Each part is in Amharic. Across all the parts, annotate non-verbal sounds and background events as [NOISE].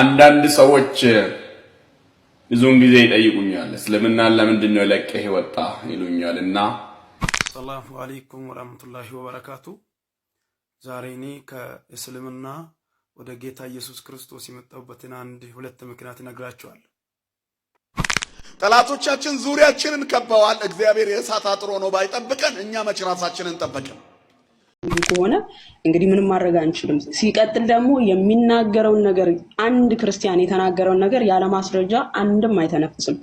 አንዳንድ ሰዎች ብዙውን ጊዜ ይጠይቁኛል፣ እስልምና ለምንድን ነው ለቀህ ወጣ ይሉኛል። እና ሰላሙ አለይኩም ወራህመቱላሂ ወበረካቱ። ዛሬ እኔ ከእስልምና ወደ ጌታ ኢየሱስ ክርስቶስ የመጣሁበትን አንድ ሁለት ምክንያት እነግራቸዋለሁ። ጠላቶቻችን ዙሪያችንን ከበዋል። እግዚአብሔር የእሳት አጥሮ ነው ባይጠብቀን፣ እኛ መች ራሳችንን ጠበቅን? ከሆነ እንግዲህ ምንም ማድረግ አንችልም። ሲቀጥል ደግሞ የሚናገረውን ነገር አንድ ክርስቲያን የተናገረውን ነገር ያለማስረጃ አንድም አይተነፍስም።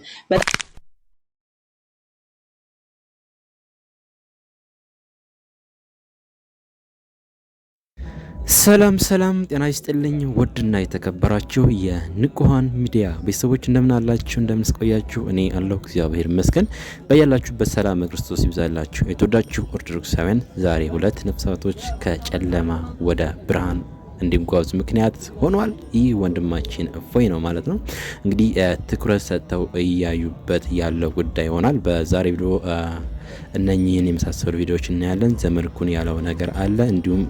ሰላም ሰላም፣ ጤና ይስጥልኝ ውድና የተከበራችሁ የንቁሃን ሚዲያ ቤተሰቦች እንደምን አላችሁ? እኔ አለሁ እግዚአብሔር ይመስገን። በያላችሁበት ሰላም ክርስቶስ ይብዛላችሁ። የተወዳችሁ ኦርቶዶክሳውያን፣ ዛሬ ሁለት ነፍሳቶች ከጨለማ ወደ ብርሃን እንዲጓዙ ምክንያት ሆኗል። ይህ ወንድማችን እፎይ ነው ማለት ነው። እንግዲህ ትኩረት ሰጥተው እያዩበት ያለው ጉዳይ ይሆናል። በዛሬ ቪዲዮ እነኚህን የመሳሰሉ ቪዲዮዎች እናያለን። ዘመድኩን ያለው ነገር አለ እንዲሁም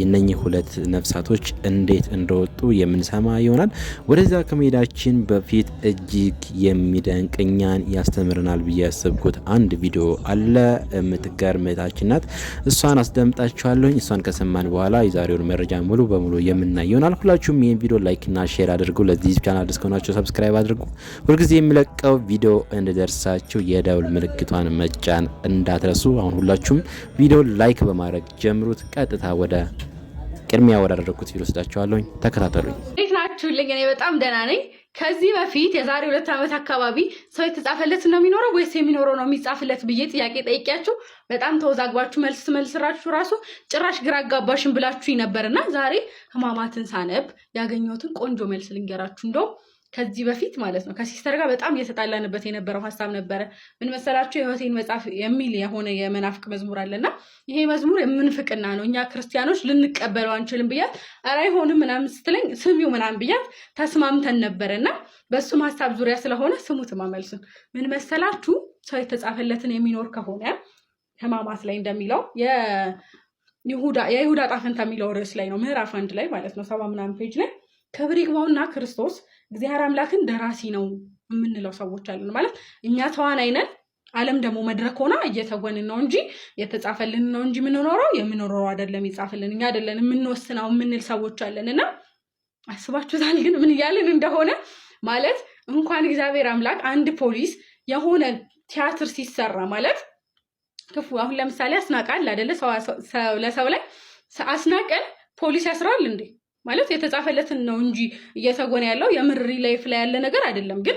የነኚህ ሁለት ነፍሳቶች እንዴት እንደወጡ የምንሰማ ይሆናል። ወደዛ ከመሄዳችን በፊት እጅግ የሚደንቅ እኛን ያስተምረናል ብዬ ያሰብኩት አንድ ቪዲዮ አለ። የምትገርም እህታችን ናት። እሷን አስደምጣችኋለሁኝ። እሷን ከሰማን በኋላ የዛሬውን መረጃ ሙሉ በሙሉ የምናይ ይሆናል። ሁላችሁም ይህን ቪዲዮ ላይክና ሼር አድርጉ። ለዚህ ቻናል እስከሆናችሁ ሰብስክራይብ አድርጉ። ሁልጊዜ የሚለቀው ቪዲዮ እንድደርሳችሁ የደውል ምልክቷን መጫን እንዳትረሱ። አሁን ሁላችሁም ቪዲዮ ላይክ በማድረግ ጀምሩት። ቀጥታ ወደ ቅድሚያ ወዳደረግኩት ቪዲዮ ወስዳችኋለሁኝ። ተከታተሉኝ። እንዴት ናችሁልኝ? እኔ በጣም ደህና ነኝ። ከዚህ በፊት የዛሬ ሁለት ዓመት አካባቢ ሰው የተጻፈለት ነው የሚኖረው ወይስ የሚኖረው ነው የሚጻፍለት ብዬ ጥያቄ ጠይቂያችሁ በጣም ተወዛግባችሁ መልስ መልስራችሁ ራሱ ጭራሽ ግራ አጋባሽን ብላችሁ ነበርና ዛሬ ህማማትን ሳነብ ያገኘሁትን ቆንጆ መልስ ልንገራችሁ እንደው ከዚህ በፊት ማለት ነው ከሲስተር ጋር በጣም እየተጣላንበት የነበረው ሀሳብ ነበረ። ምን መሰላችሁ? የህይወቴን መጽሐፍ የሚል የሆነ የመናፍቅ መዝሙር አለና ይሄ መዝሙር የምንፍቅና ነው፣ እኛ ክርስቲያኖች ልንቀበለው አንችልም ብያት፣ ኧረ አይሆንም ምናምን ስትለኝ ስሚው ምናምን ብያት ተስማምተን ነበረ እና በእሱም ሀሳብ ዙሪያ ስለሆነ ስሙት ማመልሱን ምን መሰላችሁ? ሰው የተጻፈለትን የሚኖር ከሆነ ህማማት ላይ እንደሚለው የይሁዳ ጣፈንታ የሚለው ርዕስ ላይ ነው ምዕራፍ አንድ ላይ ማለት ነው ሰባ ምናምን ፔጅ ላይ ክብር ይግባውና ክርስቶስ እግዚአብሔር አምላክን ደራሲ ነው የምንለው ሰዎች አለን። ማለት እኛ ተዋናይ ነን፣ ዓለም ደግሞ መድረክ ሆና እየተወንን ነው እንጂ የተጻፈልን ነው እንጂ የምንኖረው የምንኖረው አይደለም። ይጻፍልን እኛ አይደለን የምንወስነው የምንል ሰዎች አለን። እና አስባችሁታል ግን ምን እያልን እንደሆነ ማለት እንኳን እግዚአብሔር አምላክ አንድ ፖሊስ የሆነ ቲያትር ሲሰራ ማለት ክፉ አሁን ለምሳሌ አስናቃል አደለ ለሰው ላይ አስናቀን ፖሊስ ያስራል እንዴ? ማለት የተጻፈለትን ነው እንጂ እየተወነ ያለው የምሪ ላይፍ ላይ ያለ ነገር አይደለም። ግን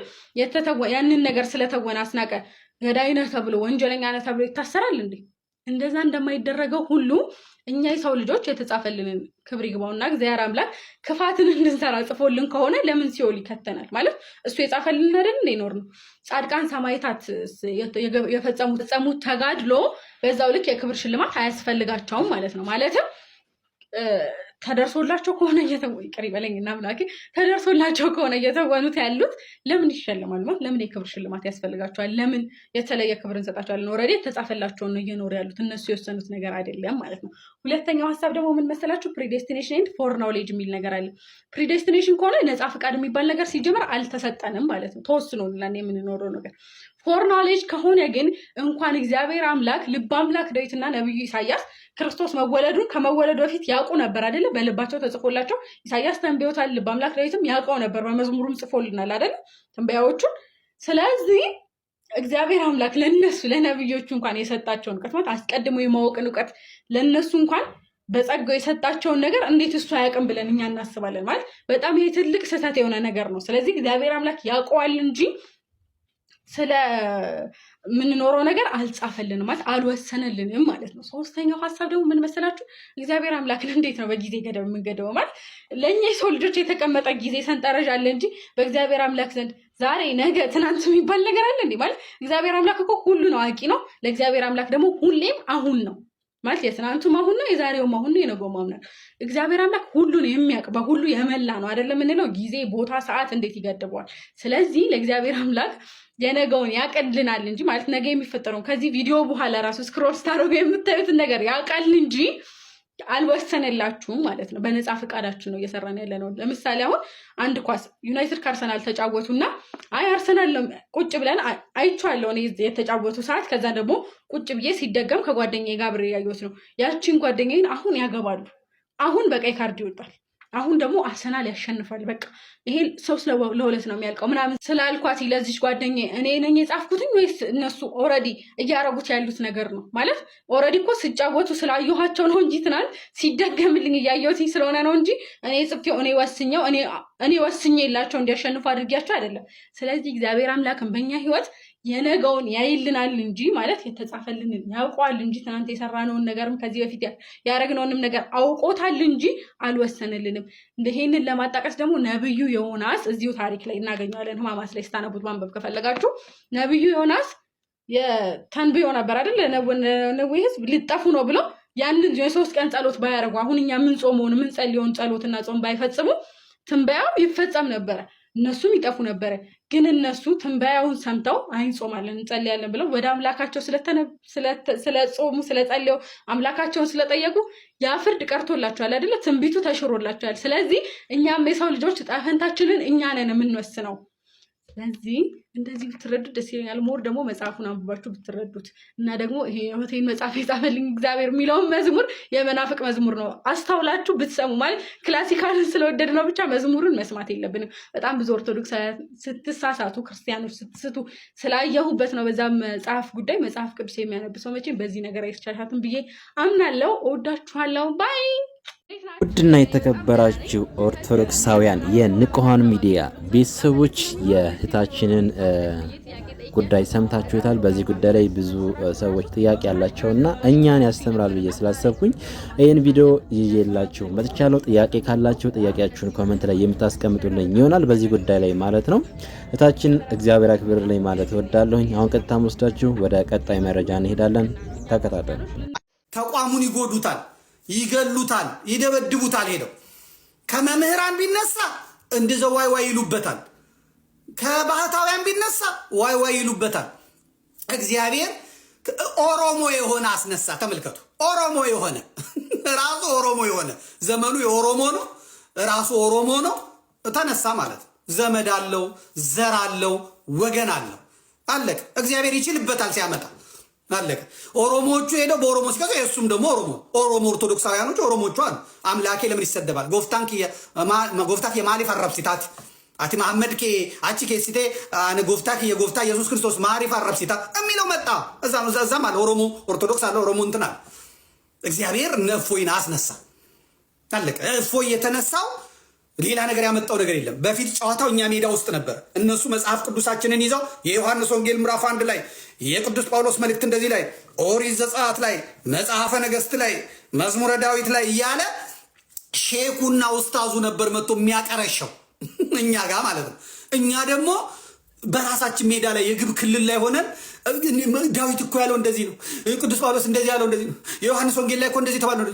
ያንን ነገር ስለተወነ አስናቀ ገዳይ ነህ ተብሎ ወንጀለኛ ነህ ተብሎ ይታሰራል እንዴ? እንደዛ እንደማይደረገው ሁሉ እኛ የሰው ልጆች የተጻፈልንን ክብር ይግባውና እግዚአብሔር አምላክ ክፋትን እንድንሰራ ጽፎልን ከሆነ ለምን ሲኦል ይከተናል? ማለት እሱ የጻፈልን አይደል እንደ ይኖር ነው። ጻድቃን ሰማዕታት የፈጸሙት ተጋድሎ በዛው ልክ የክብር ሽልማት አያስፈልጋቸውም ማለት ነው። ማለትም ተደርሶላቸው ከሆነ እየተወኑ ይበለኝ እና አምላኬ ተደርሶላቸው ከሆነ እየተወኑት ያሉት ለምን ይሸልማል? ማለት ለምን የክብር ሽልማት ያስፈልጋቸዋል? ለምን የተለየ ክብር እንሰጣቸዋለን? ወረዴ ተጻፈላቸውን ነው እየኖሩ ያሉት እነሱ የወሰኑት ነገር አይደለም ማለት ነው። ሁለተኛው ሀሳብ ደግሞ ምን መሰላችሁ? ፕሪዴስቲኔሽን ኤንድ ፎር ናውሌጅ የሚል ነገር አለ። ፕሪዴስቲኔሽን ከሆነ ነፃ ፈቃድ የሚባል ነገር ሲጀምር አልተሰጠንም ማለት ነው። ተወስኖልናል የምንኖረው ነገር ፎር ናውሌጅ ከሆነ ግን እንኳን እግዚአብሔር አምላክ ልብ አምላክ ዳዊትና ነብዩ ኢሳያስ ክርስቶስ መወለዱን ከመወለዱ በፊት ያውቁ ነበር አይደለም በልባቸው ተጽፎላቸው ኢሳያስ ተንብዮታል። ልበ አምላክ ዳዊትም ያውቀው ነበር፣ በመዝሙሩም ጽፎልናል አይደለ? ትንበያዎቹን። ስለዚህ እግዚአብሔር አምላክ ለነሱ ለነብዮቹ እንኳን የሰጣቸውን እውቀት ማለት አስቀድሞ የማወቅን እውቀት ለነሱ እንኳን በጸጋው የሰጣቸውን ነገር እንዴት እሱ አያውቅም ብለን እኛ እናስባለን። ማለት በጣም ይሄ ትልቅ ስህተት የሆነ ነገር ነው። ስለዚህ እግዚአብሔር አምላክ ያውቀዋል እንጂ ስለ ምንኖረው ነገር አልጻፈልንም ማለት አልወሰነልንም ማለት ነው። ሶስተኛው ሀሳብ ደግሞ ምን መሰላችሁ? እግዚአብሔር አምላክን [LAUGHS] እንዴት ነው በጊዜ ገደብ የምንገደበው? ማለት ለእኛ የሰው ልጆች የተቀመጠ ጊዜ ሰንጠረዥ አለ እንጂ በእግዚአብሔር አምላክ ዘንድ ዛሬ፣ ነገ፣ ትናንት የሚባል ነገር አለ እንዴ? ማለት እግዚአብሔር አምላክ እኮ ነው አዋቂ ነው። ለእግዚአብሔር አምላክ ደግሞ ሁሌም አሁን ነው። ማለት የትናንቱ መሆን ነው፣ የዛሬው መሆን ነው፣ የነገው መሆን ነው። እግዚአብሔር አምላክ ሁሉን የሚያውቅ በሁሉ የመላ ነው አይደለም የምንለው። ጊዜ ቦታ፣ ሰዓት እንዴት ይገድበዋል? ስለዚህ ለእግዚአብሔር አምላክ የነገውን ያቀልናል እንጂ ማለት ነገ የሚፈጠረው ከዚህ ቪዲዮ በኋላ ራሱ ስክሮል ስታደርጉ የምታዩትን ነገር ያውቃል እንጂ አልወሰነላችሁም ማለት ነው። በነፃ ፈቃዳችን ነው እየሰራን ያለ ነው። ለምሳሌ አሁን አንድ ኳስ ዩናይትድ ከአርሰናል ተጫወቱና አይ አርሰናል ቁጭ ብለን አይቼዋለሁ እኔ የተጫወቱ ሰዓት፣ ከዛ ደግሞ ቁጭ ብዬ ሲደገም ከጓደኛዬ ጋር አብሬ ያየሁት ነው። ያቺን ጓደኛዬን አሁን ያገባሉ፣ አሁን በቀይ ካርድ ይወጣል። አሁን ደግሞ አርሰናል ያሸንፋል፣ በቃ ይሄ ሰው ለሁለት ነው የሚያልቀው ምናምን ስላልኳት ለዚች ጓደኛ እኔ ነኝ የጻፍኩትኝ ወይስ እነሱ ኦልሬዲ እያረጉት ያሉት ነገር ነው? ማለት ኦልሬዲ እኮ ስጫወቱ ስላየኋቸው ነው እንጂ ትናንት ሲደገምልኝ እያየሁትኝ ስለሆነ ነው እንጂ እኔ ጽፌው እኔ ወስኘው እኔ ወስኜ የላቸው እንዲያሸንፉ አድርጊያቸው አይደለም። ስለዚህ እግዚአብሔር አምላክን በእኛ ህይወት የነገውን ያይልናል እንጂ ማለት የተጻፈልንን ያውቀዋል እንጂ ትናንት የሰራነውን ነገርም ከዚህ በፊት ያደረግነውንም ነገር አውቆታል እንጂ አልወሰንልንም። ይሄንን ለማጣቀስ ደግሞ ነብዩ ዮናስ እዚሁ ታሪክ ላይ እናገኘዋለን። ህማማስ ላይ ስታነቡት ማንበብ ከፈለጋችሁ ነብዩ ዮናስ ተንብዮ ነበር አይደል? ነነዌ ህዝብ ልጠፉ ነው ብለው ያንን የሶስት ቀን ጸሎት ባያደርጉ አሁን እኛ ምን ጾመውን ምን ጸልየውን ጸሎትና ጾም ባይፈጽሙ ትንበያው ይፈጸም ነበረ። እነሱም ይጠፉ ነበረ። ግን እነሱ ትንበያውን ሰምተው አይንጾማለን እንጸልያለን ብለው ወደ አምላካቸው ስለጾሙ ስለጸለዩ አምላካቸውን ስለጠየቁ ያ ፍርድ ቀርቶላቸዋል አይደለ? ትንቢቱ ተሽሮላቸዋል። ስለዚህ እኛም የሰው ልጆች ዕጣ ፈንታችንን እኛ ነን የምንወስነው። ስለዚህ እንደዚህ ብትረዱት ደስ ይለኛል። ሞር ደግሞ መጽሐፉን አንብባችሁ ብትረዱት እና ደግሞ ይሄ የሆቴል መጽሐፍ የጻፈልኝ እግዚአብሔር የሚለውን መዝሙር የመናፍቅ መዝሙር ነው አስታውላችሁ ብትሰሙ ማለት ክላሲካልን ስለወደድ ነው ብቻ መዝሙርን መስማት የለብንም። በጣም ብዙ ኦርቶዶክስ ስትሳሳቱ፣ ክርስቲያኖች ስትስቱ ስላየሁበት ነው በዛ መጽሐፍ ጉዳይ። መጽሐፍ ቅዱስ የሚያነብሰው መቼም በዚህ ነገር አይስቻሻትም ብዬ አምናለው። እወዳችኋለው ባይ ውድና የተከበራችሁ ኦርቶዶክሳውያን የንቁሃን ሚዲያ ቤተሰቦች የእህታችንን ጉዳይ ሰምታችሁታል። በዚህ ጉዳይ ላይ ብዙ ሰዎች ጥያቄ እና እኛን ያስተምራል ብዬ ስላሰብኩኝ ይህን ቪዲዮ ይዤላችሁ መጥቻለሁ። ጥያቄ ካላችሁ ጥያቄያችሁን ኮመንት ላይ የምታስቀምጡልኝ ይሆናል። በዚህ ጉዳይ ላይ ማለት ነው። እህታችን እግዚአብሔር ላይ ማለት እወዳለሁኝ። አሁን ቀጥታ ወስዳችሁ ወደ ቀጣይ መረጃ እንሄዳለን። ተከታተሉ። ተቋሙን ይጎዱታል ይገሉታል፣ ይደበድቡታል። ሄደው ከመምህራን ቢነሳ እንደዚያው ዋይ ዋይ ይሉበታል። ከባህታውያን ቢነሳ ዋይ ዋይ ይሉበታል። እግዚአብሔር ኦሮሞ የሆነ አስነሳ። ተመልከቱ፣ ኦሮሞ የሆነ [LAUGHS] ራሱ ኦሮሞ የሆነ ዘመኑ የኦሮሞ ነው፣ ራሱ ኦሮሞ ነው። ተነሳ ማለት ዘመድ አለው፣ ዘር አለው፣ ወገን አለው። አለቅ እግዚአብሔር ይችልበታል ሲያመጣ አለቀ። ኦሮሞዎቹ ሄደው በኦሮሞ ሲቀጽ የእሱም ደግሞ ኦሮሞ ኦሮሞ ኦርቶዶክሳውያኖች ኦሮሞቹ አሉ። አምላኬ ለምን ይሰደባል? ጎፍታክ የማሪፍ አረብሲታት አቲ መሐመድ ኬ አቺ ኬሲቴ አነ ጎፍታክ የጎፍታ ኢየሱስ ክርስቶስ ማሪፍ አረብሲታ የሚለው መጣ። እዛ ነው እዛም አለ ኦሮሞ ኦርቶዶክስ አለ ኦሮሞ እንትን እግዚአብሔር ነፎይን አስነሳ። አለቀ። እፎይ የተነሳው ሌላ ነገር ያመጣው ነገር የለም። በፊት ጨዋታው እኛ ሜዳ ውስጥ ነበር። እነሱ መጽሐፍ ቅዱሳችንን ይዘው የዮሐንስ ወንጌል ምዕራፍ አንድ ላይ የቅዱስ ጳውሎስ መልእክት እንደዚህ ላይ ኦሪት ዘጸአት ላይ መጽሐፈ ነገሥት ላይ መዝሙረ ዳዊት ላይ እያለ ሼኩና ውስታዙ ነበር መጥቶ የሚያቀረሸው እኛ ጋር ማለት ነው። እኛ ደግሞ በራሳችን ሜዳ ላይ የግብ ክልል ላይ ሆነን ዳዊት እኮ ያለው እንደዚህ ነው፣ ቅዱስ ጳውሎስ እንደዚህ ያለው እንደዚህ ነው፣ የዮሐንስ ወንጌል ላይ እኮ እንደዚህ የተባለው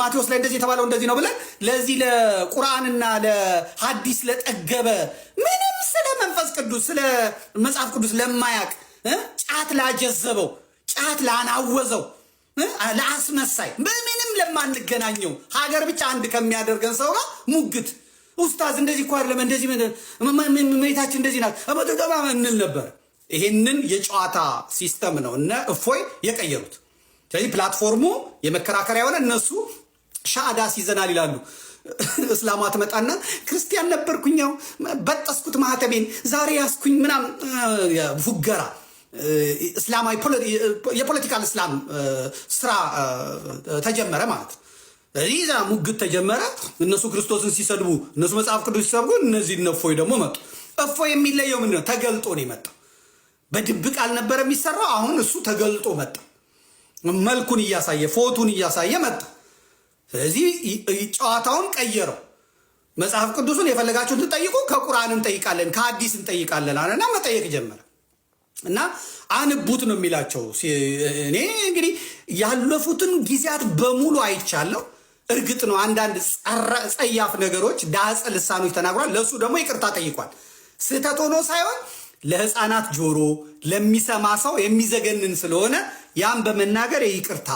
ማቴዎስ ላይ እንደዚህ የተባለው እንደዚህ ነው ብለን ለዚህ ለቁርአንና ለሐዲስ ለጠገበ ምንም ስለ መንፈስ ቅዱስ ስለ መጽሐፍ ቅዱስ ለማያቅ ጫት ላጀዘበው ጫት ላናወዘው ለአስመሳይ በምንም ለማንገናኘው ሀገር ብቻ አንድ ከሚያደርገን ሰው ጋር ሙግት ኡስታዝ እንደዚህ እኮ አይደለም፣ እንደዚህ መሬታችን እንደዚህ ናት መጠቀማ እንል ነበር። ይሄንን የጨዋታ ሲስተም ነው እነ እፎይ የቀየሩት። ስለዚህ ፕላትፎርሙ የመከራከሪያ የሆነ እነሱ ሻዳስ ሲዘናል ይላሉ። እስላሟ ትመጣና ክርስቲያን ነበርኩኛው በጠስኩት ማህተቤን ዛሬ ያስኩኝ ምናምን ፉገራ እስላማዊ የፖለቲካል እስላም ስራ ተጀመረ ማለት ነው። እዛ ሙግት ተጀመረ። እነሱ ክርስቶስን ሲሰድቡ፣ እነሱ መጽሐፍ ቅዱስ ሲሰብኩ፣ እነዚህ እፎይ ደግሞ መጡ። እፎይ የሚለየው ምንድን ነው? ተገልጦ ነው የመጣው። በድብቅ አልነበረ የሚሰራው። አሁን እሱ ተገልጦ መጣ። መልኩን እያሳየ ፎቱን እያሳየ መጣ። ስለዚህ ጨዋታውን ቀየረው። መጽሐፍ ቅዱሱን የፈለጋችሁን ትጠይቁ፣ ከቁርአን እንጠይቃለን፣ ከአዲስ እንጠይቃለን አለና መጠየቅ ጀመረ። እና አንቡት ነው የሚላቸው። እኔ እንግዲህ ያለፉትን ጊዜያት በሙሉ አይቻለሁ። እርግጥ ነው አንዳንድ ጸያፍ ነገሮች ዳጽ ልሳኖች ተናግሯል። ለእሱ ደግሞ ይቅርታ ጠይቋል። ስህተት ሆኖ ሳይሆን ለህፃናት ጆሮ ለሚሰማ ሰው የሚዘገንን ስለሆነ ያም በመናገር ይቅርታ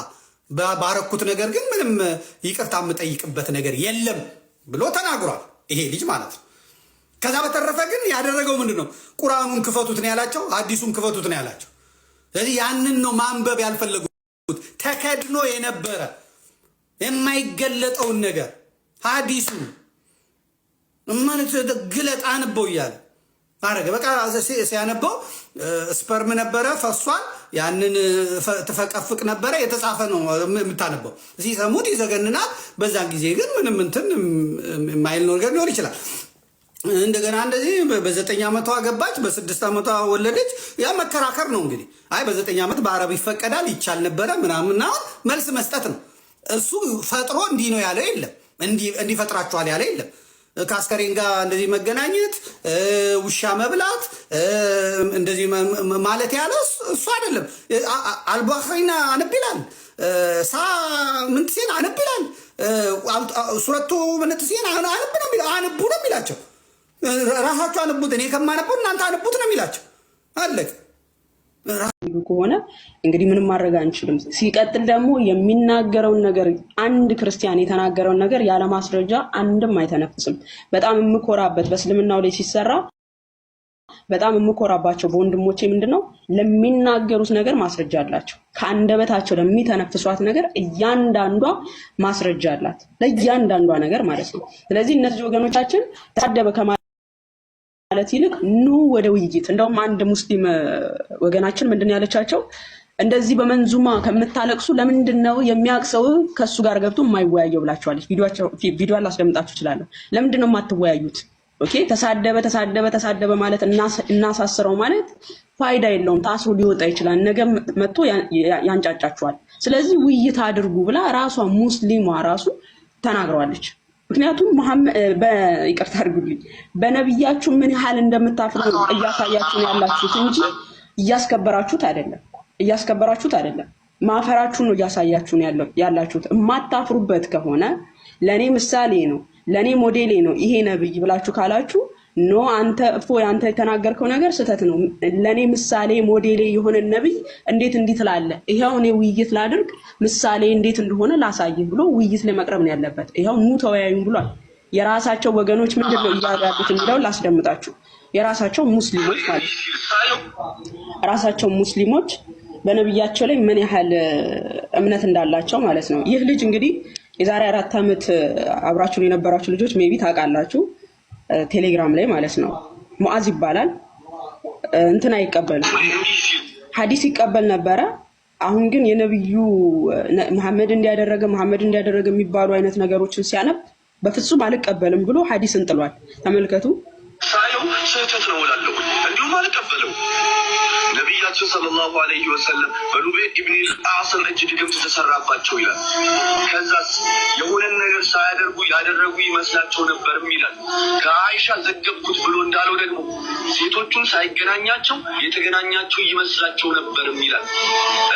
ባረኩት፣ ነገር ግን ምንም ይቅርታ የምጠይቅበት ነገር የለም ብሎ ተናግሯል። ይሄ ልጅ ማለት ነው። ከዛ በተረፈ ግን ያደረገው ምንድን ነው? ቁርአኑን ክፈቱት ነው ያላቸው፣ አዲሱን ክፈቱት ነው ያላቸው። ስለዚህ ያንን ነው ማንበብ ያልፈለጉት ተከድኖ የነበረ የማይገለጠውን ነገር ሀዲሱ እማን ግለጥ አንበው እያለ አረገ። በቃ ሲያነበው ስፐርም ነበረ ፈሷል። ያንን ትፈቀፍቅ ነበረ። የተጻፈ ነው የምታነበው። ሲሰሙት ይዘገንናል። በዛን ጊዜ ግን ምንም እንትን የማይል ነገር ሊሆን ይችላል። እንደገና እንደዚህ በዘጠኝ ዓመቷ ገባች፣ በስድስት ዓመቷ ወለደች። ያ መከራከር ነው እንግዲህ። አይ በዘጠኝ ዓመት በአረብ ይፈቀዳል ይቻል ነበረ ምናምን መልስ መስጠት ነው። እሱ ፈጥሮ እንዲህ ነው ያለ የለም፣ እንዲህ ያለ የለም። ከአስከሬን ጋር እንደዚህ መገናኘት፣ ውሻ መብላት፣ እንደዚህ ማለት ያለ እሱ አይደለም። አልባክሪና አነቢላል ሳ ምንትሴን አነቢላል ሱረቱ ምንትሴን አነብ ነው አነቡ ነው የሚላቸው። ራሳችሁ አነቡት፣ እኔ ከማነቡት እናንተ አነቡት ነው የሚላቸው አለቅ ከሆነ እንግዲህ ምንም ማድረግ አንችልም። ሲቀጥል ደግሞ የሚናገረውን ነገር አንድ ክርስቲያን የተናገረውን ነገር ያለ ማስረጃ አንድም አይተነፍስም። በጣም የምኮራበት በእስልምናው ላይ ሲሰራ በጣም የምኮራባቸው በወንድሞቼ ምንድን ነው ለሚናገሩት ነገር ማስረጃ አላቸው። ከአንደበታቸው ለሚተነፍሷት ነገር እያንዳንዷ ማስረጃ አላት፣ ለእያንዳንዷ ነገር ማለት ነው። ስለዚህ እነዚህ ወገኖቻችን ተሳደበ ማለት ይልቅ ኑ ወደ ውይይት። እንደውም አንድ ሙስሊም ወገናችን ምንድን ያለቻቸው እንደዚህ በመንዙማ ከምታለቅሱ ለምንድን ነው የሚያቅሰው ከእሱ ጋር ገብቶ የማይወያየው ብላቸዋለች። ቪዲዮ ላስደምጣችሁ እችላለሁ። ለምንድን ነው የማትወያዩት? ኦኬ ተሳደበ ተሳደበ ተሳደበ ማለት እናሳስረው ማለት ፋይዳ የለውም። ታስሮ ሊወጣ ይችላል። ነገ መጥቶ ያንጫጫችኋል። ስለዚህ ውይይት አድርጉ ብላ ራሷ ሙስሊሟ ራሱ ተናግረዋለች። ምክንያቱም ይቅርታ አድርጉልኝ በነቢያችሁ ምን ያህል እንደምታፍሩ ነው እያሳያችሁ ያላችሁት እንጂ እያስከበራችሁት አይደለም። እያስከበራችሁት አይደለም። ማፈራችሁ ነው እያሳያችሁ ያላችሁት። የማታፍሩበት ከሆነ ለእኔ ምሳሌ ነው፣ ለእኔ ሞዴሌ ነው ይሄ ነብይ ብላችሁ ካላችሁ ኖ አንተ እፎ አንተ የተናገርከው ነገር ስህተት ነው። ለእኔ ምሳሌ ሞዴሌ የሆነ ነቢይ እንዴት እንዲህ ትላለህ? ይኸው እኔ ውይይት ላድርግ ምሳሌ እንዴት እንደሆነ ላሳይ ብሎ ውይይት ላይ መቅረብ ነው ያለበት። ይኸው ኑ ተወያዩም ብሏል። የራሳቸው ወገኖች ምንድን ነው እያሉ ያሉት የሚለውን ላስደምጣችሁ። የራሳቸው ሙስሊሞች ማለት ራሳቸው ሙስሊሞች በነብያቸው ላይ ምን ያህል እምነት እንዳላቸው ማለት ነው። ይህ ልጅ እንግዲህ የዛሬ አራት ዓመት አብራችሁን የነበራችሁ ልጆች ሜቢ ታውቃላችሁ ቴሌግራም ላይ ማለት ነው። ሙዓዝ ይባላል እንትን አይቀበልም። ሀዲስ ይቀበል ነበረ። አሁን ግን የነቢዩ መሐመድ እንዲያደረገ መሐመድ እንዲያደረገ የሚባሉ አይነት ነገሮችን ሲያነብ በፍጹም አልቀበልም ብሎ ሀዲስ እንጥሏል። ተመልከቱ። ሳየው ስህተት ነው እላለሁ፣ እንዲሁም አልቀበልም ነቢያችን ሰለላሁ አለይሂ ወሰለም በሉቤ ኢብኒል አስም እጅ ድግምት ተሰራባቸው ይላል። ከዛስ የሆነን ነገር ሳያደርጉ ያደረጉ ይመስላቸው ነበርም ይላል። ከአይሻ ዘገብኩት ብሎ እንዳለው ደግሞ ሴቶቹን ሳይገናኛቸው የተገናኛቸው ይመስላቸው ነበርም ይላል።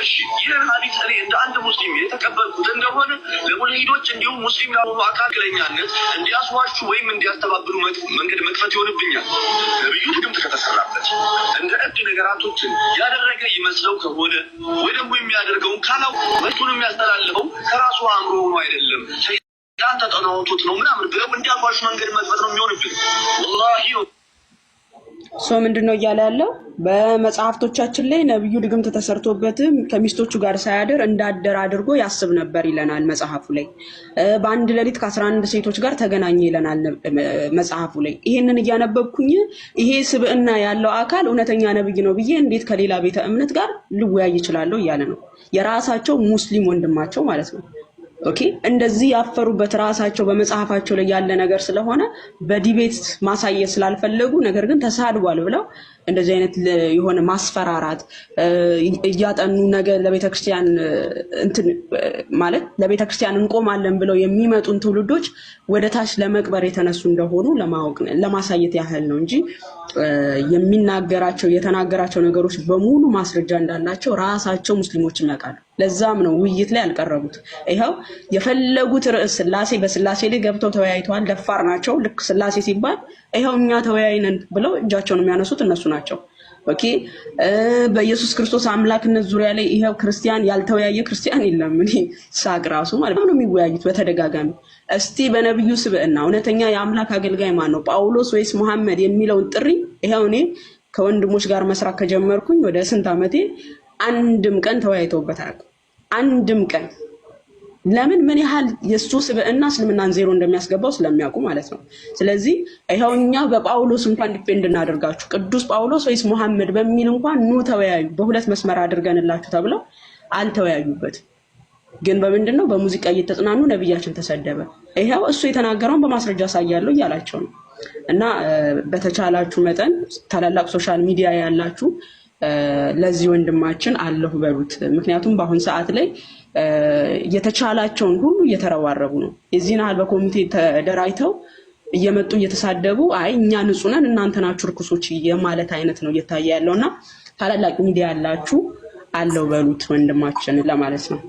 እሺ ይህን ሀዲስ እኔ እንደ አንድ ሙስሊም የተቀበልኩት እንደሆነ ለሙልሂዶች እንዲሁም ሙስሊም ለሆኑ አካል ክለኛነት እንዲያስዋሹ ወይም እንዲያስተባብሉ መንገድ መክፈት ይሆንብኛል። ነቢዩ ድግምት ከተሰራበት እንደ እብድ ነገራቶችን ያደረገ ይመስለው ከሆነ ወይ ደግሞ የሚያደርገውን ካላው መልቱን የሚያስተላልፈው ከራሱ አእምሮ ሆኖ አይደለም ሰይጣን ተጠናውቶት ነው ምናምን ብለው እንዲያባሽ መንገድ መጥፈት ነው የሚሆንብን ወላሂ ሶ ምንድን ነው እያለ ያለው በመጽሐፍቶቻችን ላይ ነብዩ ድግምት ተሰርቶበትም ከሚስቶቹ ጋር ሳያደር እንዳደር አድርጎ ያስብ ነበር ይለናል መጽሐፉ ላይ። በአንድ ሌሊት ከ11 ሴቶች ጋር ተገናኘ ይለናል መጽሐፉ ላይ። ይሄንን እያነበብኩኝ ይሄ ስብዕና ያለው አካል እውነተኛ ነብይ ነው ብዬ እንዴት ከሌላ ቤተ እምነት ጋር ልወያይ ይችላለሁ እያለ ነው። የራሳቸው ሙስሊም ወንድማቸው ማለት ነው ኦኬ እንደዚህ ያፈሩበት ራሳቸው በመጽሐፋቸው ላይ ያለ ነገር ስለሆነ በዲቤት ማሳየት ስላልፈለጉ ነገር ግን ተሳድቧል ብለው እንደዚህ አይነት የሆነ ማስፈራራት እያጠኑ ነገ ለቤተክርስቲያን እንትን ማለት ለቤተክርስቲያን እንቆማለን ብለው የሚመጡን ትውልዶች ወደ ታች ለመቅበር የተነሱ እንደሆኑ ለማወቅ ለማሳየት ያህል ነው እንጂ የሚናገራቸው የተናገራቸው ነገሮች በሙሉ ማስረጃ እንዳላቸው ራሳቸው ሙስሊሞች ያውቃሉ። ለዛም ነው ውይይት ላይ ያልቀረቡት። ይኸው የፈለጉት ርዕስ ስላሴ በስላሴ ላይ ገብተው ተወያይተዋል። ደፋር ናቸው። ልክ ስላሴ ሲባል ይኸው እኛ ተወያይነን ብለው እጃቸውን የሚያነሱት እነሱ ናቸው። ኦኬ በኢየሱስ ክርስቶስ አምላክነት ዙሪያ ላይ ይኸው ክርስቲያን ያልተወያየ ክርስቲያን የለም። እኔ ሳቅ ራሱ ማለት ነው የሚወያዩት በተደጋጋሚ እስቲ በነቢዩ ስብዕና እውነተኛ የአምላክ አገልጋይ ማን ነው ጳውሎስ ወይስ መሐመድ የሚለውን ጥሪ ይኸው እኔ ከወንድሞች ጋር መስራት ከጀመርኩኝ ወደ ስንት ዓመቴ አንድም ቀን ተወያይተውበት አያውቁም። አንድም ቀን ለምን ምን ያህል የእሱ ስብዕና እስልምናን ዜሮ እንደሚያስገባው ስለሚያውቁ ማለት ነው። ስለዚህ ይኸው እኛ በጳውሎስ እንኳን ዲፔንድ እናደርጋችሁ ቅዱስ ጳውሎስ ወይስ መሐመድ በሚል እንኳን ኑ ተወያዩ፣ በሁለት መስመር አድርገንላችሁ ተብለው አልተወያዩበትም። ግን በምንድን ነው በሙዚቃ እየተጽናኑ ነብያችን ተሰደበ። ይኸው እሱ የተናገረውን በማስረጃ አሳያለሁ እያላቸው ነው። እና በተቻላችሁ መጠን ታላላቅ ሶሻል ሚዲያ ያላችሁ ለዚህ ወንድማችን አለሁ በሉት። ምክንያቱም በአሁን ሰዓት ላይ የተቻላቸውን ሁሉ እየተረባረቡ ነው። የዚህን ያህል በኮሚቴ ተደራጅተው እየመጡ እየተሳደቡ አይ እኛ ንጹህ ነን እናንተ ናችሁ ርኩሶች የማለት አይነት ነው እየታየ ያለው እና ታላላቅ ሚዲያ ያላችሁ አለው በሉት ወንድማችን ለማለት ነው።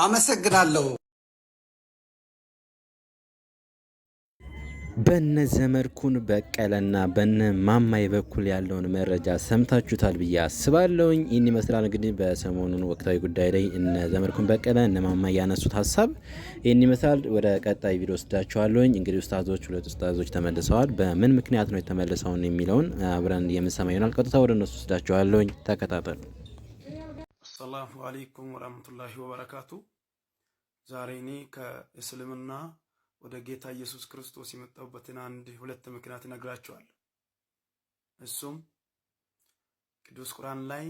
አመሰግናለሁ። በነ ዘመድኩን በቀለና በነ ማማይ በኩል ያለውን መረጃ ሰምታችሁታል ብዬ አስባለሁኝ። ይህን ይመስላል እንግዲህ በሰሞኑን ወቅታዊ ጉዳይ ላይ እነ ዘመድኩን በቀለ እነ ማማይ ያነሱት ሀሳብ ይህን ይመስላል። ወደ ቀጣይ ቪዲዮ ወስዳችኋለሁኝ። እንግዲህ ኡስታዞች፣ ሁለት ኡስታዞች ተመልሰዋል። በምን ምክንያት ነው የተመለሰውን የሚለውን አብረን የምንሰማ ይሆናል። ቀጥታ ወደ እነሱ ወስዳችኋለሁኝ። ተከታተሉ። ሰላሙ አለይኩም ወራህመቱላሂ ወበረካቱ። ዛሬ እኔ ከእስልምና ወደ ጌታ ኢየሱስ ክርስቶስ የመጣሁበትን አንድ ሁለት ምክንያት እነግራችኋለሁ። እሱም ቅዱስ ቁርአን ላይ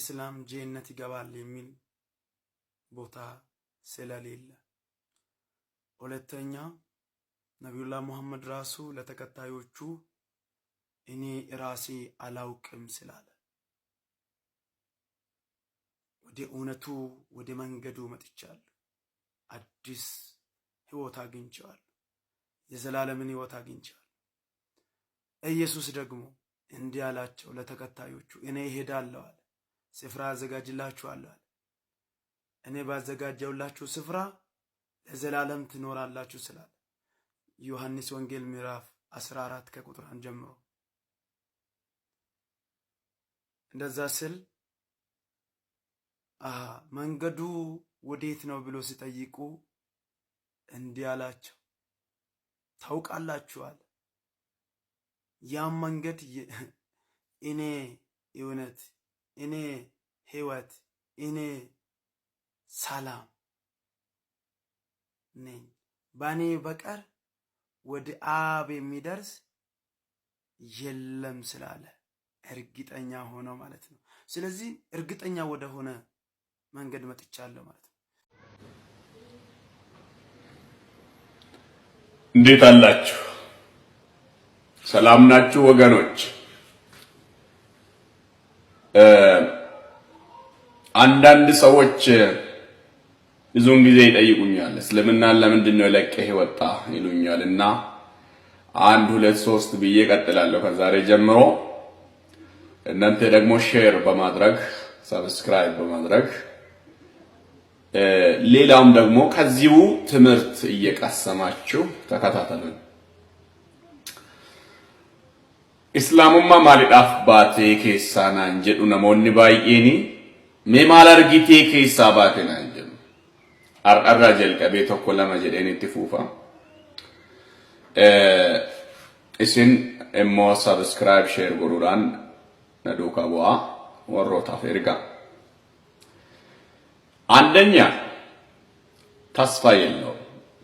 ኢስላም ጀነት ይገባል የሚል ቦታ ስለሌለ፣ ሁለተኛ ነቢዩላህ ሙሐመድ ራሱ ለተከታዮቹ እኔ ራሴ አላውቅም ስላለ ወደ እውነቱ ወደ መንገዱ መጥቻለሁ። አዲስ ሕይወት አግኝቸዋል የዘላለምን ሕይወት አግኝቸዋል። ኢየሱስ ደግሞ እንዲህ አላቸው ለተከታዮቹ፣ እኔ እሄዳለሁ አለ፣ ስፍራ አዘጋጅላችኋለሁ አለ። እኔ ባዘጋጀውላችሁ ስፍራ ለዘላለም ትኖራላችሁ ስላለ ዮሐንስ ወንጌል ምዕራፍ 14 ከቁጥር አንድ ጀምሮ እንደዛ ስል መንገዱ ወዴት ነው ብሎ ሲጠይቁ እንዲህ አላቸው፣ ታውቃላችኋል። ያም መንገድ [LAUGHS] እኔ እውነት፣ እኔ ህይወት እኔ ሰላም ነኝ። በእኔ በቀር ወደ አብ የሚደርስ የለም ስላለ እርግጠኛ ሆነው ማለት ነው። ስለዚህ እርግጠኛ ወደ ሆነ መንገድ መጥቻለሁ ማለት ነው። እንዴት አላችሁ? ሰላም ናችሁ ወገኖች? አንዳንድ ሰዎች ብዙውን ጊዜ ይጠይቁኛል እስልምናን ለምንድን ነው ለቀህ ወጣ ይሉኛል። እና አንድ ሁለት ሶስት ብዬ ቀጥላለሁ ከዛሬ ጀምሮ እናንተ ደግሞ ሼር በማድረግ ሰብስክራይብ በማድረግ ሌላውም ደግሞ ከዚሁ ትምህርት እየቀሰማችሁ ተከታተሉን። እስላሙማ ማሊዳፍ ባቴ ኬሳ ናን ጀዱ ነሞኒ ባይኒ ሜ ማላርጊቴ ኬሳ ባቴ ናን ጀዱ አርቀራ ጀልቀቤ ቶኮ ለመ ጀደኒ ትፉፋ እስን እሞ ሰብስክራይብ ሼር ጎሩዳን ነዱካ ቦዋ ወሮታፍ ኤርጋ አንደኛ ተስፋ የለው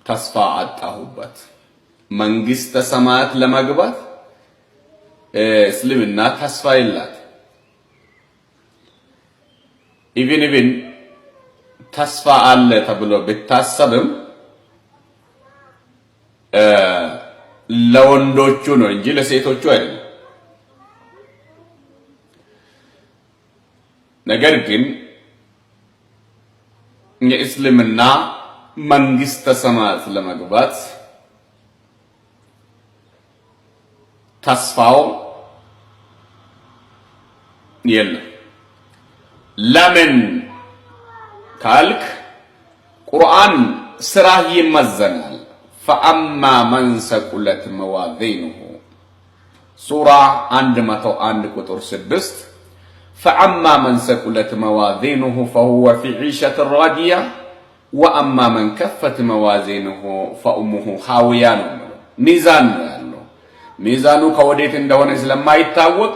ተስፋ አጣሁበት። መንግስተ ሰማያት ለመግባት እስልምና ተስፋ የላት። ኢቭን ኢቭን ተስፋ አለ ተብሎ ብታሰብም ለወንዶቹ ነው እንጂ ለሴቶቹ አይደለም። ነገር ግን የእስልምና መንግስተ ሰማያት ለመግባት ተስፋው የለም። ለምን ካልክ ቁርአን ስራ ይመዘናል። ፈአማ መን ሰቁለት መዋዚኑሁ ሱራ 101 ቁጥር 6 ፈአማ መን ሰቁለት መዋዜኑሁ ፈሁወ ፊ ዒሸት ራዲያ ወአማ መን ከፈት መዋዜኑሁ ፈኡሙሁ ሐውያ ነው ሚዛን ነው ያለው። ሚዛኑ ከወዴት እንደሆነ ስለማይታወቅ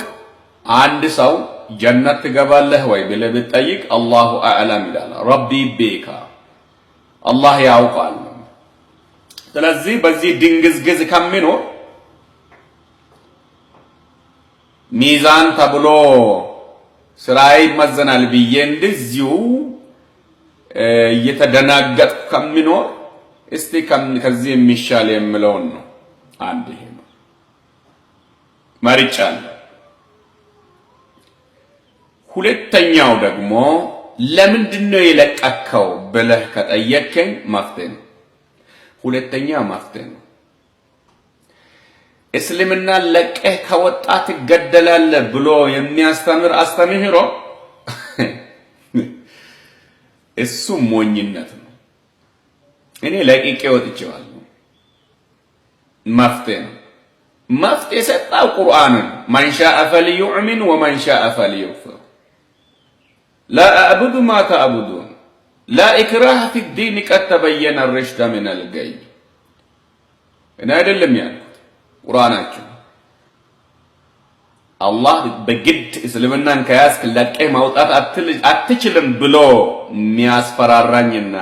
አንድ ሰው ጀነት ትገባለህ ወይ ብለህ ብትጠይቅ አላሁ አዕለም ይላል። ረቢ ቤካ አላህ ያውቃል። ስለዚህ በዚህ ድንግዝግዝ ከሚኖር ሚዛን ተብሎ ስራ ይመዘናል ብዬ እንደዚሁ እየተደናገጥኩ ከሚኖር እስቲ ከዚህ የሚሻል የምለውን ነው። አንድ ይሄ ነው መርጫለሁ። ሁለተኛው ደግሞ ለምንድን ነው የለቀከው ብለህ ከጠየከኝ፣ መፍትሄ ነው። ሁለተኛ መፍትሄ ነው። እስልምና ለቀህ ከወጣ ትገደላለህ ብሎ የሚያስተምር አስተምህሮ [LAUGHS] እሱ ሞኝነት ነው። እኔ ለቅቄ ወጥቼዋለሁ። መፍትሄ ነው። መፍትሄ የሰጣው ቁርአን ነው። ማን ሻአ ፈልዩዕሚን ወማን ሻአ ፈልየክፍር። ላ አዕቡዱ ማ ተዕቡዱን ላ ኢክራህ ፊዲን ቀድ ተበየነ ርሽደ ሚነል ገይ። እኔ አይደለም ያልኩት ቁርአናችን አላህ በግድ እስልምናን ከያዝክ ለቀህ ማውጣት አትችልም ብሎ የሚያስፈራራኝና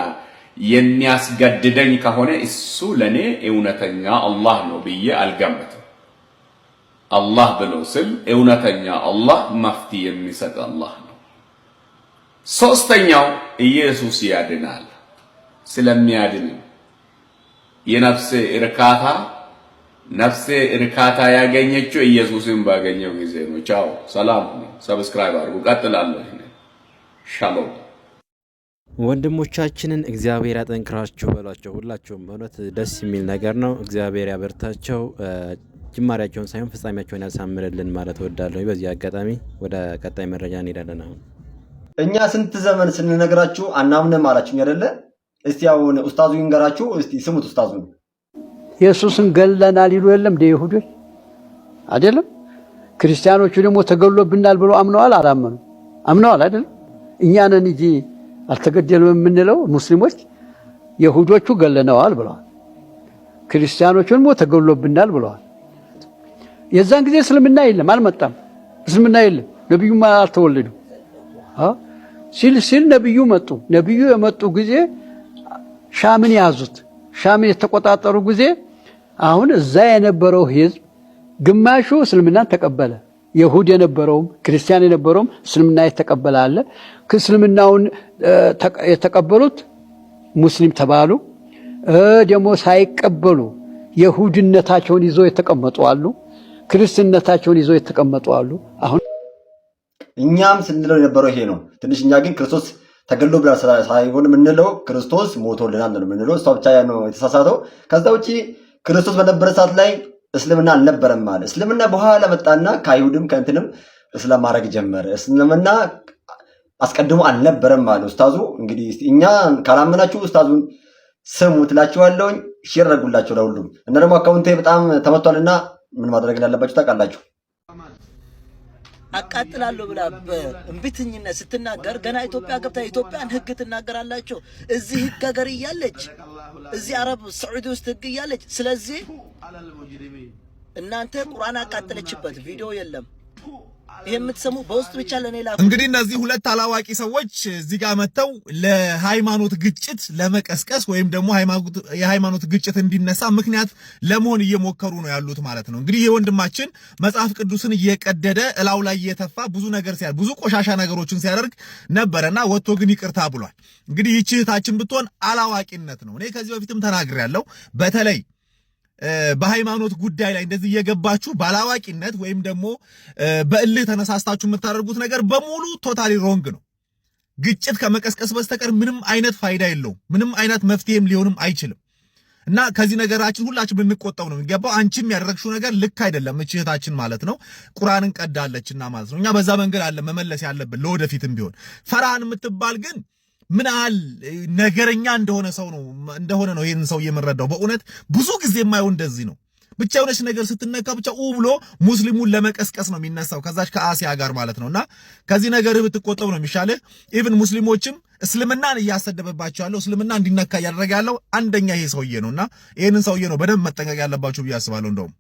የሚያስገድደኝ ከሆነ እሱ ለኔ እውነተኛ አላህ ነው ብዬ አልገምትም። አላህ ብሎ ስል እውነተኛ አላህ መፍት የሚሰጥ አላህ ነው። ሶስተኛው ኢየሱስ ያድናል። ስለሚያድን የነፍስ እርካታ ነፍሴ እርካታ ያገኘችው ኢየሱስን ባገኘው ጊዜ ነው። ቻው፣ ሰላም። ሰብስክራይብ አድርጉ። ቀጥላለሁ። ሻሎም ወንድሞቻችንን እግዚአብሔር ያጠንክራችሁ በሏቸው። ሁላቸውም በእውነት ደስ የሚል ነገር ነው። እግዚአብሔር ያበርታቸው። ጅማሬያቸውን ሳይሆን ፍጻሜያቸውን ያሳምርልን ማለት እወዳለሁ። በዚህ አጋጣሚ ወደ ቀጣይ መረጃ እንሄዳለን። አሁን እኛ ስንት ዘመን ስንነግራችሁ አናምንም አላችሁኝ አይደለ? እስቲ አሁን ኡስታዙ ይንገራችሁ። እስቲ ስሙት ኡስታዙ ኢየሱስን ገለናል ይሉ የለም እንደ ይሁዶች አይደለም። ክርስቲያኖቹ ደግሞ ተገሎብናል ብሎ አምነዋል አላመኑ አምነዋል አይደለም። እኛንን እንጂ አልተገደልም የምንለው ሙስሊሞች የሁዶቹ ገለነዋል ብለዋል። ክርስቲያኖቹ ደግሞ ተገሎብናል ብለዋል። የዛን ጊዜ እስልምና የለም አልመጣም። እስልምና የለም ነቢዩም አልተወለዱ ሲል ሲል ነቢዩ መጡ። ነቢዩ የመጡ ጊዜ ሻምን ያዙት። ሻምን የተቆጣጠሩ ጊዜ አሁን እዛ የነበረው ህዝብ ግማሹ እስልምናን ተቀበለ። የሁድ የነበረውም ክርስቲያን የነበረውም እስልምና የተቀበለ አለ። እስልምናውን የተቀበሉት ሙስሊም ተባሉ። ደግሞ ሳይቀበሉ የሁድነታቸውን ይዞ የተቀመጡ አሉ። ክርስትነታቸውን ይዞ የተቀመጡ አሉ። አሁን እኛም ስንለው የነበረው ይሄ ነው። ትንሽ እኛ ግን ክርስቶስ ተገሎ ብላ ሳይሆን የምንለው ክርስቶስ ሞቶልናል ነው የምንለው። እሷ ብቻ ነው የተሳሳተው። ከዛ ውጭ ክርስቶስ በነበረ ሰዓት ላይ እስልምና አልነበረም ማለት። እስልምና በኋላ መጣና ከአይሁድም ከእንትንም እስላም ማድረግ ጀመረ። እስልምና አስቀድሞ አልነበረም ማለት። ኡስታዙ እንግዲህ እኛ ካላመናችሁ ኡስታዙን ስሙ ትላችኋለውኝ ይረጉላቸው ለሁሉም እና ደግሞ አካውንቴ በጣም ተመቷልና ምን ማድረግ እንዳለባችሁ ታውቃላችሁ። አቃጥላለሁ ብላ በእምቢተኝነት ስትናገር ገና ኢትዮጵያ ገብታ የኢትዮጵያን ህግ ትናገራላችሁ። እዚህ ህግ ሀገር እያለች እዚህ አረብ ሰዑዲ ውስጥ ህግ እያለች ስለዚህ እናንተ ቁርአን አቃጥለችበት ቪዲዮ የለም የምትሰሙ በውስጥ ብቻ ለኔ እንግዲህ እነዚህ ሁለት አላዋቂ ሰዎች እዚህ ጋር መጥተው ለሃይማኖት ግጭት ለመቀስቀስ ወይም ደግሞ የሃይማኖት ግጭት እንዲነሳ ምክንያት ለመሆን እየሞከሩ ነው ያሉት ማለት ነው። እንግዲህ የወንድማችን መጽሐፍ ቅዱስን እየቀደደ እላው ላይ እየተፋ ብዙ ነገር ሲያ ብዙ ቆሻሻ ነገሮችን ሲያደርግ ነበረና ወጥቶ ግን ይቅርታ ብሏል። እንግዲህ ይህች እህታችን ብትሆን አላዋቂነት ነው። እኔ ከዚህ በፊትም ተናግሬያለሁ በተለይ በሃይማኖት ጉዳይ ላይ እንደዚህ እየገባችሁ ባላዋቂነት ወይም ደግሞ በእልህ ተነሳስታችሁ የምታደርጉት ነገር በሙሉ ቶታሊ ሮንግ ነው። ግጭት ከመቀስቀስ በስተቀር ምንም አይነት ፋይዳ የለውም። ምንም አይነት መፍትሄም ሊሆንም አይችልም። እና ከዚህ ነገራችን ሁላችን ብንቆጠብ ነው የሚገባው። አንቺም ያደረግሽው ነገር ልክ አይደለም፣ እህታችን ማለት ነው። ቁራንን ቀዳለችና ማለት ነው። እኛ በዛ መንገድ አለ መመለስ ያለብን ለወደፊትም ቢሆን ፈርሃን የምትባል ግን ምን ያህል ነገረኛ እንደሆነ ሰው ነው እንደሆነ ነው ይህን ሰው የምረዳው በእውነት ብዙ ጊዜ የማየው እንደዚህ ነው። ብቻ የሆነች ነገር ስትነካ ብቻ ኡ ብሎ ሙስሊሙን ለመቀስቀስ ነው የሚነሳው ከዛች ከአሲያ ጋር ማለት ነው። እና ከዚህ ነገር ብትቆጠብ ነው የሚሻልህ። ኢቭን ሙስሊሞችም እስልምናን እያሰደበባቸው ያለው እስልምና እንዲነካ እያደረገ ያለው አንደኛ ይሄ ሰውዬ ነው እና ይህንን ሰውዬ ነው በደንብ መጠንቀቅ ያለባቸው ብዬ አስባለሁ። እንደውም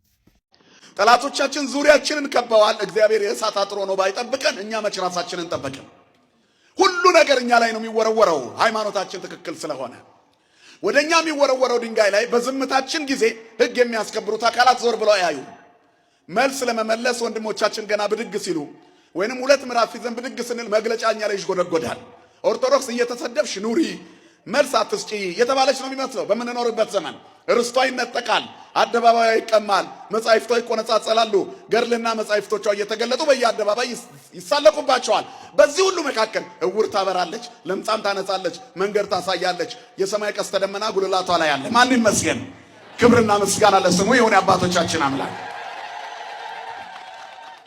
ጠላቶቻችን ዙሪያችንን ከበዋል። እግዚአብሔር የእሳት አጥሮ ነው ባይጠብቀን እኛ መች ራሳችንን ጠበቅን። ሁሉ ነገር እኛ ላይ ነው የሚወረወረው፣ ሃይማኖታችን ትክክል ስለሆነ ወደ እኛ የሚወረወረው ድንጋይ ላይ በዝምታችን ጊዜ ህግ የሚያስከብሩት አካላት ዞር ብለው አያዩ። መልስ ለመመለስ ወንድሞቻችን ገና ብድግ ሲሉ ወይንም ሁለት ምዕራፍ ይዘን ብድግ ስንል መግለጫ እኛ ላይ ይጎደጎዳል። ኦርቶዶክስ እየተሰደብሽ ኑሪ መልስ አትስጪ የተባለች ነው የሚመስለው በምንኖርበት ዘመን ርስቷ ይነጠቃል፣ አደባባይ ይቀማል፣ መጻሕፍቷ ይቆነጻጸላሉ፣ ገድልና መጻሕፍቶቿ እየተገለጡ በየአደባባይ ይሳለቁባቸዋል። በዚህ ሁሉ መካከል እውር ታበራለች፣ ለምጻም ታነጻለች፣ መንገድ ታሳያለች። የሰማይ ቀስተ ደመና ጉልላቷ ላይ አለ። ማን ይመስገን? ክብርና ምስጋና ለስሙ ይሁን። የአባቶቻችን አምላክ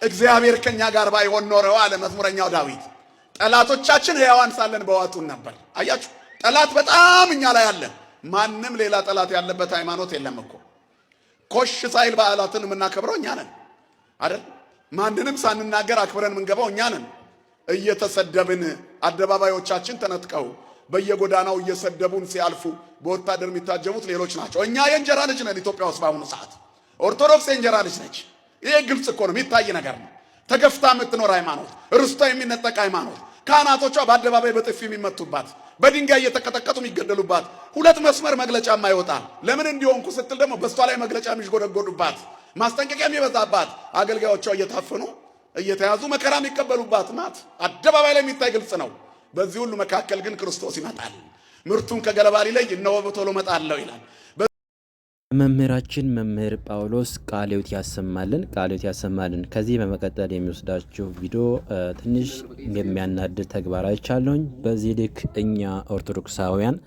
እግዚአብሔር ከኛ ጋር ባይሆን ኖሮ አለ መዝሙረኛው ዳዊት ጠላቶቻችን ሕያዋን ሳለን በዋጡን ነበር። አያችሁ ጠላት በጣም እኛ ላይ አለ። ማንም ሌላ ጠላት ያለበት ሃይማኖት የለም እኮ። ኮሽ ሳይል በዓላትን የምናከብረው እኛ ነን አይደል? ማንንም ሳንናገር አክብረን የምንገባው እኛ ነን። እየተሰደብን አደባባዮቻችን ተነጥቀው በየጎዳናው እየሰደቡን ሲያልፉ በወታደር የሚታጀቡት ሌሎች ናቸው። እኛ የእንጀራ ልጅ ነን። ኢትዮጵያ ውስጥ በአሁኑ ሰዓት ኦርቶዶክስ የእንጀራ ልጅ ነች። ይሄ ግልጽ እኮ ነው፣ የሚታይ ነገር ነው። ተገፍታ የምትኖር ሃይማኖት፣ ርስቷ የሚነጠቅ ሃይማኖት ካህናቶቿ በአደባባይ በጥፊ የሚመቱባት በድንጋይ እየተቀጠቀጡ የሚገደሉባት ሁለት መስመር መግለጫ ማይወጣ ለምን እንዲሆንኩ ስትል ደግሞ በእሷ ላይ መግለጫ የሚሽጎደጎዱባት ማስጠንቀቂያ የሚበዛባት አገልጋዮቿ እየታፈኑ እየተያዙ መከራ የሚቀበሉባት ናት። አደባባይ ላይ የሚታይ ግልጽ ነው። በዚህ ሁሉ መካከል ግን ክርስቶስ ይመጣል፣ ምርቱን ከገለባ ሊለይ እነሆ በቶሎ እመጣለሁ ይላል። መምህራችን መምህር ጳውሎስ ቃለ ሕይወት ያሰማልን፣ ቃለ ሕይወት ያሰማልን። ከዚህ በመቀጠል የሚወስዳችሁ ቪዲዮ ትንሽ የሚያናድድ ተግባር አይቻለሁኝ። በዚህ ልክ እኛ ኦርቶዶክሳውያን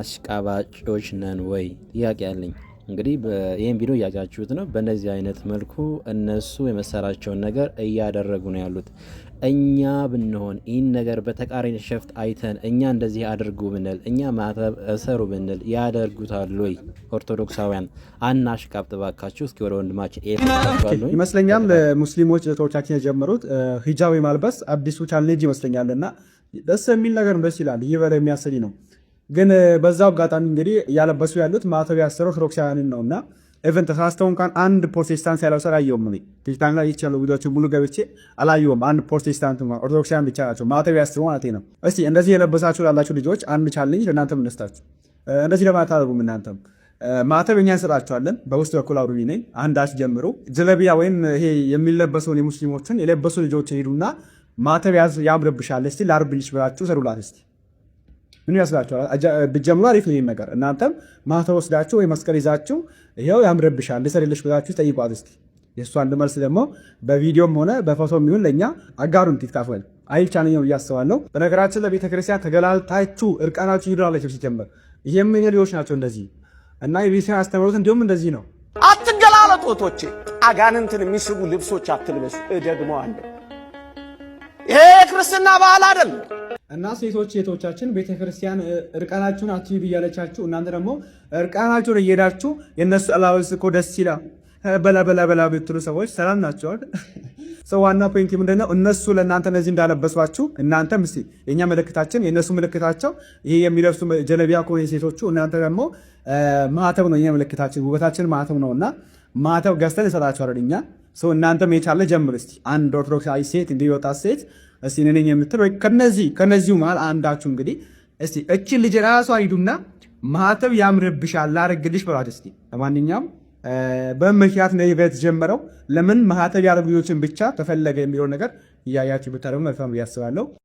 አሽቃባጮች ነን ወይ? ጥያቄ ያለኝ እንግዲህ ይህም ቪዲዮ እያጫችሁት ነው። በእነዚህ አይነት መልኩ እነሱ የመሰራቸውን ነገር እያደረጉ ነው ያሉት። እኛ ብንሆን ይህን ነገር በተቃራኒ ሸፍት አይተን እኛ እንደዚህ አድርጉ ብንል እኛ ማተብ እሰሩ ብንል ያደርጉታሉ ወይ? ኦርቶዶክሳውያን አናሽቃብጥ ባካችሁ። እስኪ ወደ ወንድማችን ኤ ይመስለኛል ሙስሊሞች እህቶቻችን የጀመሩት ሂጃብ የማልበስ አዲሱ ቻሌንጅ ይመስለኛል እና ደስ የሚል ነገር ደስ ይላል። ይህ በለ የሚያስል ነው። ግን በዛው አጋጣሚ እንግዲህ እያለበሱ ያሉት ማተብ ያሰሩ ኦርቶዶክሳውያንን ነው እና ኢቨን ተሳስተው እንኳን አንድ ፕሮቴስታንት ያለው ሰው አላየውም። ዲጂታል ላይ ይቻሉ ቪዲዮዎችን ሙሉ ገብቼ አላየውም። አንድ ፕሮቴስታንት እንኳን ኦርቶዶክሳን ብቻ ናቸው ማተብ ያስሩ ማለት ነው። እስቲ እንደዚህ የለበሳችሁ ላላችሁ ልጆች አንድ ቻሌንጅ ለእናንተ ምንስታችሁ። እንደዚህ ለማለት አድርጉም። እናንተም ማተብ እኛ እንሰጣችኋለን። በውስጥ በኩል አውሩኝ ነኝ። አንዳች ጀምሩ። ጀለቢያ ወይም ይሄ የሚለበሰውን የሙስሊሞችን የለበሱ ልጆች ሄዱና ማተብ ያምርብሻል እስቲ ላርብልሽ ብላችሁ ሰሩላት እስቲ ምን ያስላችኋል? ብጀምሩ አሪፍ ነው ይህ ነገር። እናንተም ማተብ ወስዳችሁ ወይ መስቀል ይዛችሁ ይኸው ያምርብሻል ልሰሪልሽ ብላችሁ ጠይቋት እስኪ። አንድ መልስ ደግሞ በቪዲዮም ሆነ በፎቶ የሚሆን ለእኛ አጋሩን ትካፈል አይቻለኛው እያስባለሁ። በነገራችን ለቤተ ክርስቲያን ተገላልታችሁ እርቃናችሁ ሂዱናለች ሲጀምር የምን ልጆች ናቸው እንደዚህ እና የቤተክርስቲያን ያስተምሩት እንዲሁም እንደዚህ ነው። አትገላለጡ እህቶቼ፣ አጋንንትን የሚስቡ ልብሶች አትልበሱ። እደግመዋለሁ ይሄ የክርስትና ባህል አይደል? እና ሴቶች ሴቶቻችን ቤተ ክርስቲያን እርቃናችሁን አትይ ብያለቻችሁ። እናንተ ደግሞ እርቃናችሁን እየሄዳችሁ የእነሱ አለባበስ እኮ ደስ ይላል በላ በላ በላ ብትሉ ሰዎች ሰላም ናቸዋል። [LAUGHS] ሰው ዋና ፖይንት ምንድነው? እነሱ ለእናንተ እነዚህ እንዳለበሷችሁ እናንተ ምስ የእኛ ምልክታችን የእነሱ ምልክታቸው ይሄ የሚለብሱ ጀለቢያ ከሆነ የሴቶቹ እናንተ ደግሞ ማተብ ነው። የእኛ ምልክታችን ውበታችን ማተብ ነው እና ማተብ ገዝተን ይሰጣቸዋል እኛ ሰው እናንተም የቻለ ጀምር እስቲ አንድ ኦርቶዶክሳዊ ሴት እንዲህ የወጣት ሴት እስቲ ነኝ የምትል ወይ ከነዚህ ከነዚሁ መሃል አንዳችሁ እንግዲህ እስቲ እቺ ልጅ ራሷ ሂዱና ማህተብ ያምርብሻል ላረግልሽ በሏት እስቲ። ለማንኛውም በምክንያት ነው ጀመረው ለምን ማህተብ ያደረጉ ልጆችን ብቻ ተፈለገ የሚለው ነገር እያያችሁ ብታደርጉ መልካም ብዬ